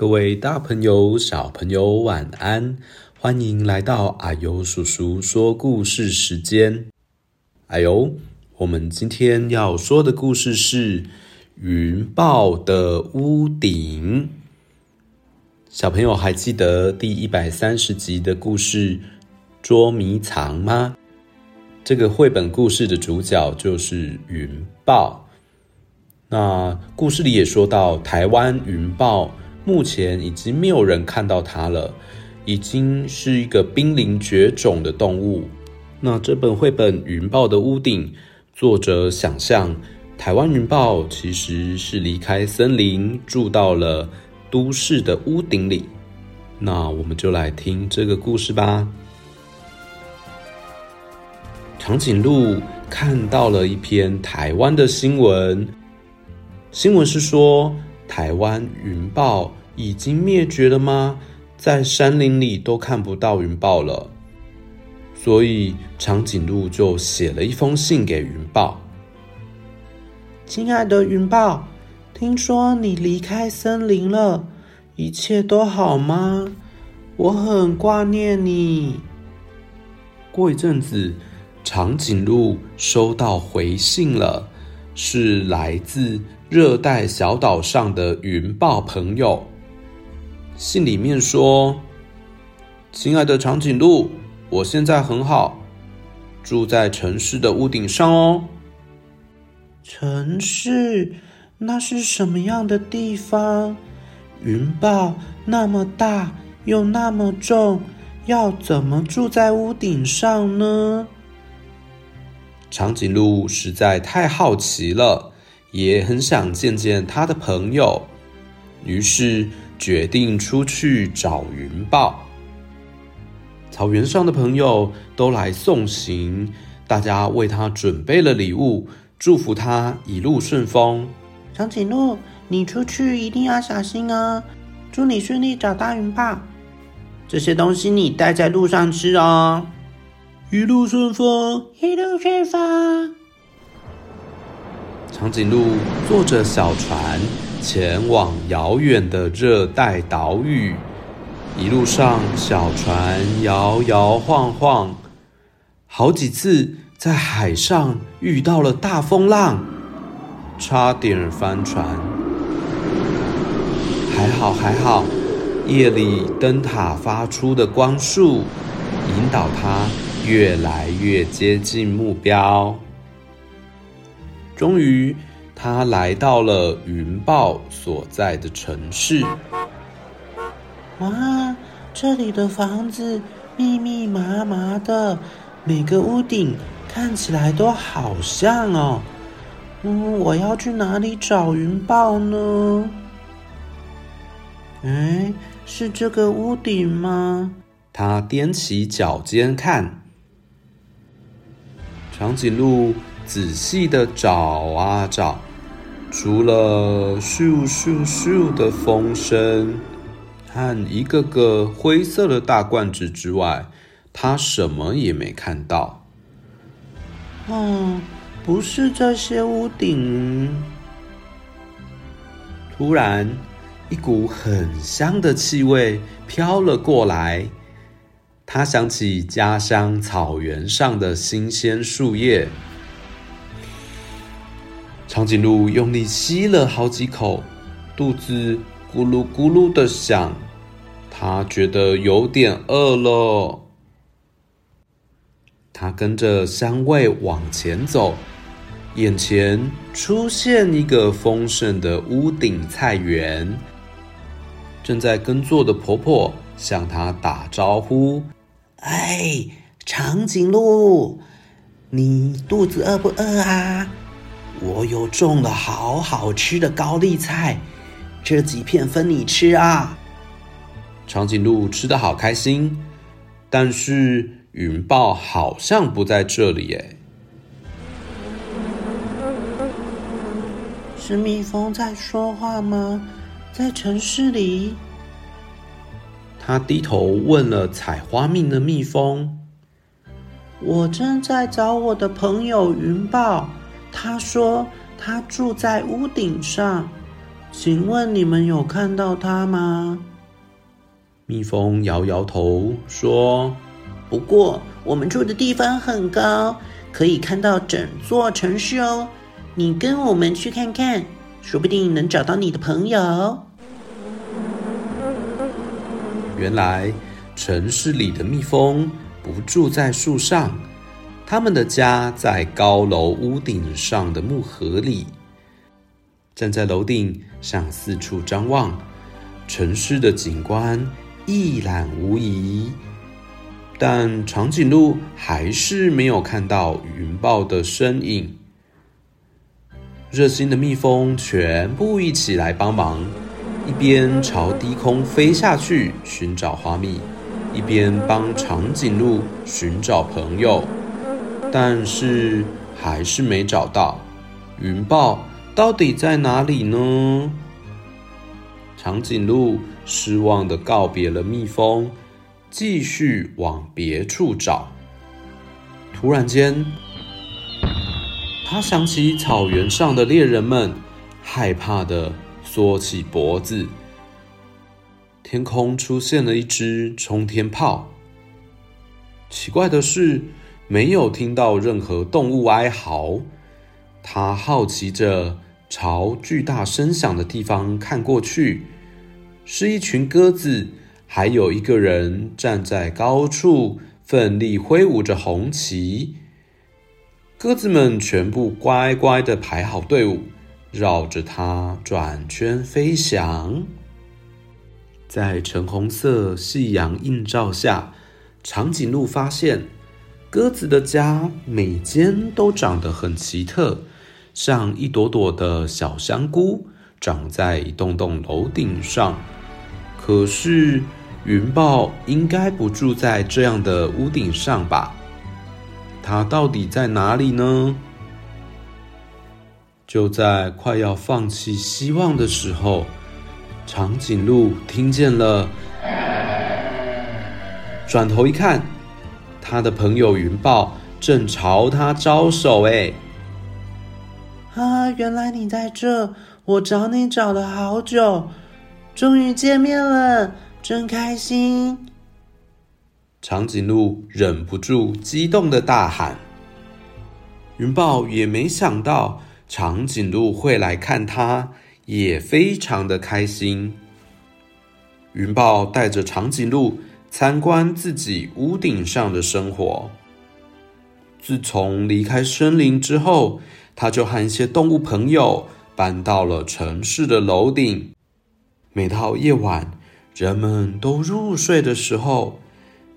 各位大朋友、小朋友，晚安！歡迎來到啊呦叔叔說故事時間。啊呦，我們今天要說的故事是《雲豹的屋頂》。小朋友還記得第一百三十集的故事《捉迷藏》嗎？這個繪本故事的主角就是雲豹。那故事裡也說到台灣雲豹。目前已經沒有人看到它了，已經是一個瀕臨絕種的動物。那這本繪本《雲豹的屋頂》，作者想象台灣雲豹其實是離開森林，住到了都市的屋頂裡。那我們就來聽這個故事吧。長頸鹿看到了一篇台灣的新聞，新聞是說台灣雲豹。已經滅絕了嗎？在山林裡都看不到雲豹了，所以長頸鹿就寫了一封信給雲豹：“親愛的雲豹，聽說你離開森林了，一切都好嗎？我很掛念你。”過一陣子，長頸鹿收到回信了，是來自熱帶小島上的雲豹朋友。信裡面說：“親愛的長頸鹿，我現在很好，住在城市的屋頂上哦。城市那是什麼樣的地方？雲豹那麼大又那麼重，要怎麼住在屋頂上呢？”長頸鹿實在太好奇了，也很想見見他的朋友，於是，決定出去找雲豹。草原上的朋友都來送行，大家為他準備了禮物，祝福他一路順風。長頸鹿，你出去一定要小心啊！祝你順利找到雲豹。這些東西你帶在路上吃哦。一路順風，一路順風。長頸鹿坐着小船。前往遙遠的熱帶島嶼，一路上小船搖搖晃晃，好幾次在海上遇到了大風浪，差點翻船。還好還好，夜裡燈塔發出的光束引導它越來越接近目標，終於。他來到了雲豹所在的城市。哇，這裡的房子密密麻麻的，每個屋頂看起來都好像哦。嗯，我要去哪裡找雲豹呢？哎，是這個屋頂嗎？他踮起腳尖看，長頸鹿仔細的找啊找。除了咻咻咻的風聲和一個個灰色的大罐子之外，他什麼也沒看到。嗯、啊，不是這些屋頂。突然，一股很香的氣味飄了過來。他想起家鄉草原上的新鮮樹葉。長頸鹿用力吸了好幾口，肚子咕嚕咕嚕的響，它覺得有點餓了。它跟着香味往前走，眼前出現一個豐盛的屋頂菜園。正在耕作的婆婆向它打招呼：“哎，長頸鹿，你肚子餓不餓啊？”我有種了好好吃的高麗菜，這幾片分你吃啊！長頸鹿吃得好開心，但是雲豹好像不在這裡耶。是蜜蜂在說話嗎？在城市裡？他低頭問了採花蜜的蜜蜂：“我正在找我的朋友雲豹。”他說：“他住在屋頂上，請問你們有看到他嗎？”蜜蜂搖搖頭說：“不過我們住的地方很高，可以看到整座城市哦。你跟我們去看看，說不定能找到你的朋友。”原來城市裡的蜜蜂不住在樹上。他們的家在高樓屋頂上的木盒裡。站在樓頂向四處張望，城市的景觀一覽無遺。但長頸鹿還是沒有看到雲豹的身影。熱心的蜜蜂全部一起來幫忙，一邊朝低空飛下去尋找花蜜，一邊幫長頸鹿尋找朋友。但是還是沒找到，雲豹到底在哪裡呢？長頸鹿失望地告別了蜜蜂，繼續往別處找。突然間，他想起草原上的獵人們害怕地縮起脖子，天空出現了一隻衝天炮。奇怪的是，沒有聽到任何動物哀嚎，他好奇着朝巨大聲響的地方看過去，是一群鴿子，還有一個人站在高處，奮力揮舞着紅旗。鴿子們全部乖乖的排好隊伍，繞着他轉圈飛翔。在橙紅色夕陽映照下，長頸鹿發現。鴿子的家每間都長得很奇特，像一朵朵的小香菇，長在一棟棟樓頂上。可是雲豹應該不住在這樣的屋頂上吧？它到底在哪裡呢？就在快要放棄希望的時候，長頸鹿聽見了，轉頭一看。他的朋友雲豹正朝他招手，哎，啊！原來你在這，我找你找了好久，終於見面了，真開心！長頸鹿忍不住激動的大喊。雲豹也沒想到長頸鹿會來看他，也非常的開心。雲豹帶着長頸鹿。參觀自己屋頂上的生活。自從離開森林之後，他就和一些動物朋友搬到了城市的樓頂。每到夜晚，人們都入睡的時候，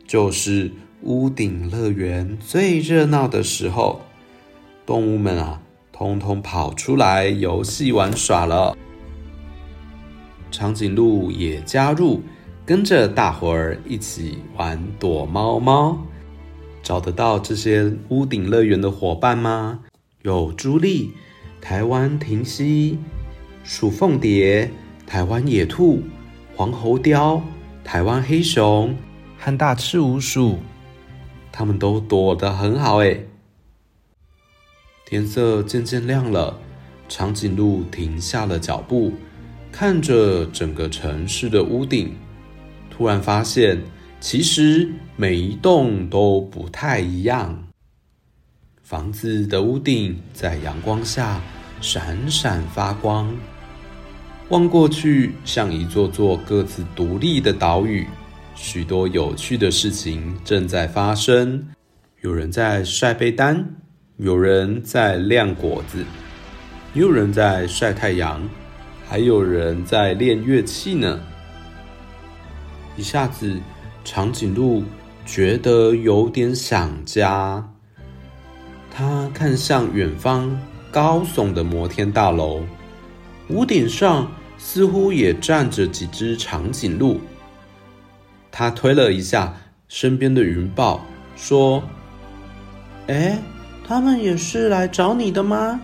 就是屋頂樂園最熱鬧的時候，動物們啊，通通跑出來遊戲玩耍了。長頸鹿也加入。跟着大夥兒一起玩躲貓貓，找得到這些屋頂樂園的夥伴嗎？有朱鸝、台灣蜓蜥、曙鳳蝶、台灣野兔、黃喉貂、台灣黑熊和大赤鼯鼠，他們都躲得很好誒。天色漸漸亮了，長頸鹿停下了腳步，看着整個城市的屋頂。突然發現，其實每一棟都不太一樣。房子的屋頂在陽光下閃閃發光，望過去像一座座各自獨立的島嶼。許多有趣的事情正在發生：有人在曬被單，有人在晾果子，有人在曬太陽，還有人在練樂器呢。一下子，長頸鹿覺得有點想家。他看向遠方高聳的摩天大樓，屋頂上似乎也站着幾隻長頸鹿。他推了一下身邊的雲豹，說：“哎，他們也是來找你的嗎？”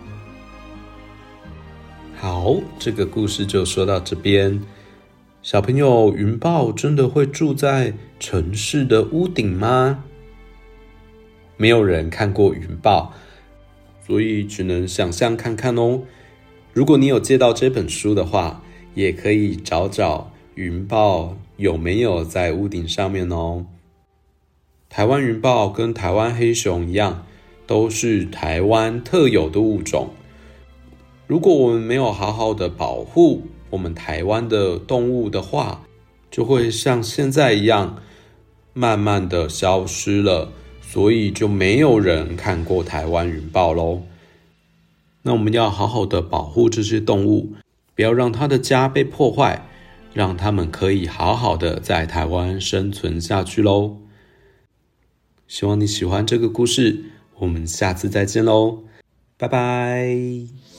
好，這個故事就說到這邊。小朋友，雲豹真的會住在城市的屋頂嗎？沒有人看過雲豹，所以只能想象看看哦。如果你有借到這本書的話，也可以找找雲豹有沒有在屋頂上面哦。台灣雲豹跟台灣黑熊一樣，都是台灣特有的物種。如果我們沒有好好的保護，我們台灣的動物的話，就會像現在一樣，慢慢的消失了，所以就沒有人看過台灣雲豹嘍。那我們要好好的保護這些動物，不要讓它的家被破壞，讓它們可以好好的在台灣生存下去嘍。希望你喜歡這個故事，我們下次再見嘍，拜拜。